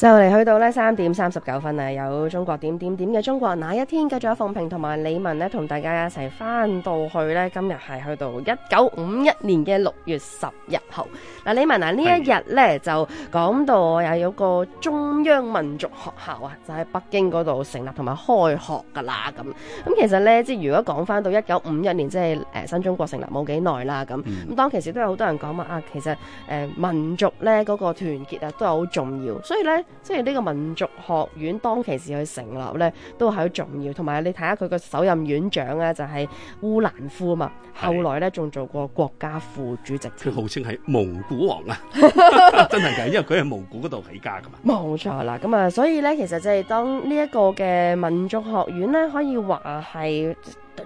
就嚟去到呢，三點三十九分啊！有中國點點點嘅中國那一天，繼續有鳳平同埋李文呢，同大家一齊翻到去呢。今日係去到一九五一年嘅六月十一號。嗱，李文啊，呢一日呢，的就講到又有個中央民族學校啊，就喺、是、北京嗰度成立同埋開學噶啦。咁咁其實呢，即係如果講翻到一九五一年，即係誒新中國成立冇幾耐啦。咁咁、嗯、當其時都有好多人講話啊，其實誒民族呢嗰個團結啊，都有好重要。所以呢。即係呢個民族學院當其時去成立呢，都係好重要。同埋你睇下佢個首任院長啊，就係烏蘭夫嘛。啊、後來呢仲做過國家副主席，佢號稱係蒙古王啊，真係噶，因為佢係蒙古嗰度起家噶嘛。冇錯 啦，咁啊，所以呢，其實即係當呢一個嘅民族學院呢，可以話係。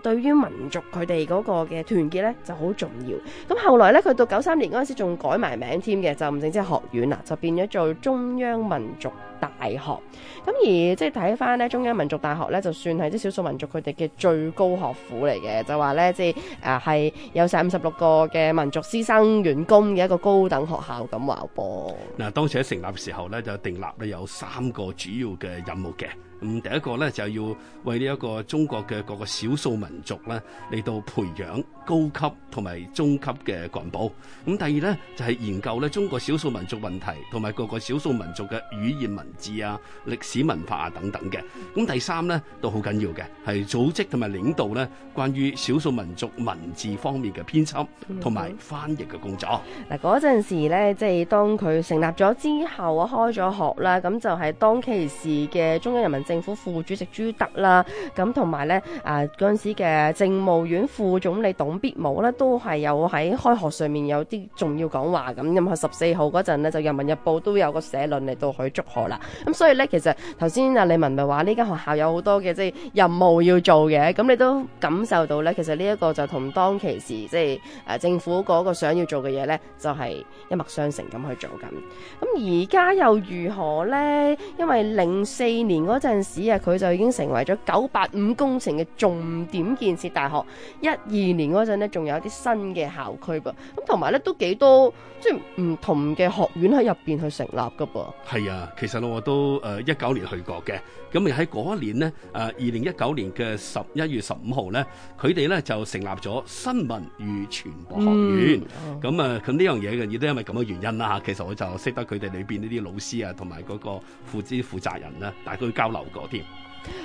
對於民族佢哋嗰個嘅團結呢，就好重要。咁後來呢，佢到九三年嗰陣時仲改埋名添嘅，就唔淨止係學院啦，就變咗做中央民族大學。咁而即係睇翻呢，中央民族大學呢，就算係啲少數民族佢哋嘅最高學府嚟嘅，就話呢，即係誒係有五十六個嘅民族師生員工嘅一個高等學校咁話噃。嗱，當時喺成立的時候呢，就訂立呢有三個主要嘅任務嘅。嗯，第一個咧就要為呢一個中國嘅各個少數民族咧嚟到培養高級同埋中級嘅幹部。咁第二咧就係研究，咧中國少數民族問題同埋各個少數民族嘅語言文字啊、歷史文化啊等等嘅。咁第三咧都好緊要嘅，係組織同埋領導咧關於少數民族文字方面嘅編輯同埋翻譯嘅工作。嗱，嗰陣時咧，即係當佢成立咗之後啊，開咗學啦，咁就係當其時嘅中央人民政政府副主席朱德啦，咁同埋咧，啊、呃、陣時嘅政務院副總理董必武咧，都係有喺開學上面有啲重要講話咁。咁喺十四號嗰陣咧，就《人民日報》都有個社論嚟到去祝賀啦。咁、嗯、所以咧，其實頭先阿李文咪話呢間學校有好多嘅即係任務要做嘅，咁你都感受到咧，其實呢一個就同當其時即係誒政府嗰個想要做嘅嘢咧，就係、是、一脈相承咁去做緊。咁而家又如何咧？因為零四年嗰陣。市啊，佢就已經成為咗九八五工程嘅重點建設大學。時還一二年嗰陣咧，仲有啲新嘅校區噃。咁同埋咧，都幾多即係唔同嘅學院喺入邊去成立噶噃。係啊，其實我都誒一九年去過嘅。咁咪喺嗰一年咧，誒二零一九年嘅十一月十五號咧，佢哋咧就成立咗新聞與傳播學院。咁啊，咁呢、嗯嗯、樣嘢嘅，亦都因為咁嘅原因啦。吓，其實我就識得佢哋裏邊呢啲老師啊，同埋嗰個副職負責人啦、啊，大家去交流。添，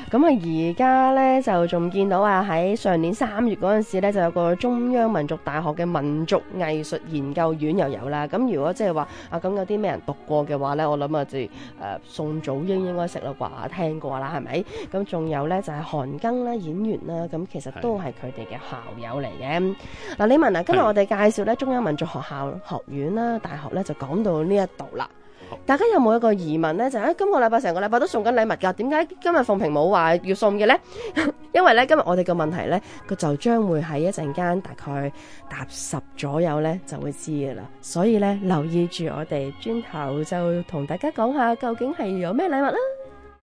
咁啊而家呢，就仲見到啊，喺上年三月嗰陣時呢，就有個中央民族大學嘅民族藝術研究院又有啦。咁如果即係話啊，咁有啲咩人讀過嘅話呢，我諗啊，即誒宋祖英應該識啦啩，聽過啦係咪？咁仲有呢，就係、是、韓庚啦，演員啦，咁其實都係佢哋嘅校友嚟嘅。嗱的，李文啊，啊，今日我哋介紹呢的中央民族學校學院啦、大學呢，就講到呢一度啦。大家有冇一個疑問呢？就喺、是啊、今個禮拜成個禮拜都送緊禮物噶點解今日鳳屏冇話要送嘅呢？ 因為呢，今日我哋個問題呢，佢就將會喺一陣間大概搭十左右呢就會知噶啦，所以呢，留意住我哋轉頭就同大家講下究竟係有咩禮物啦。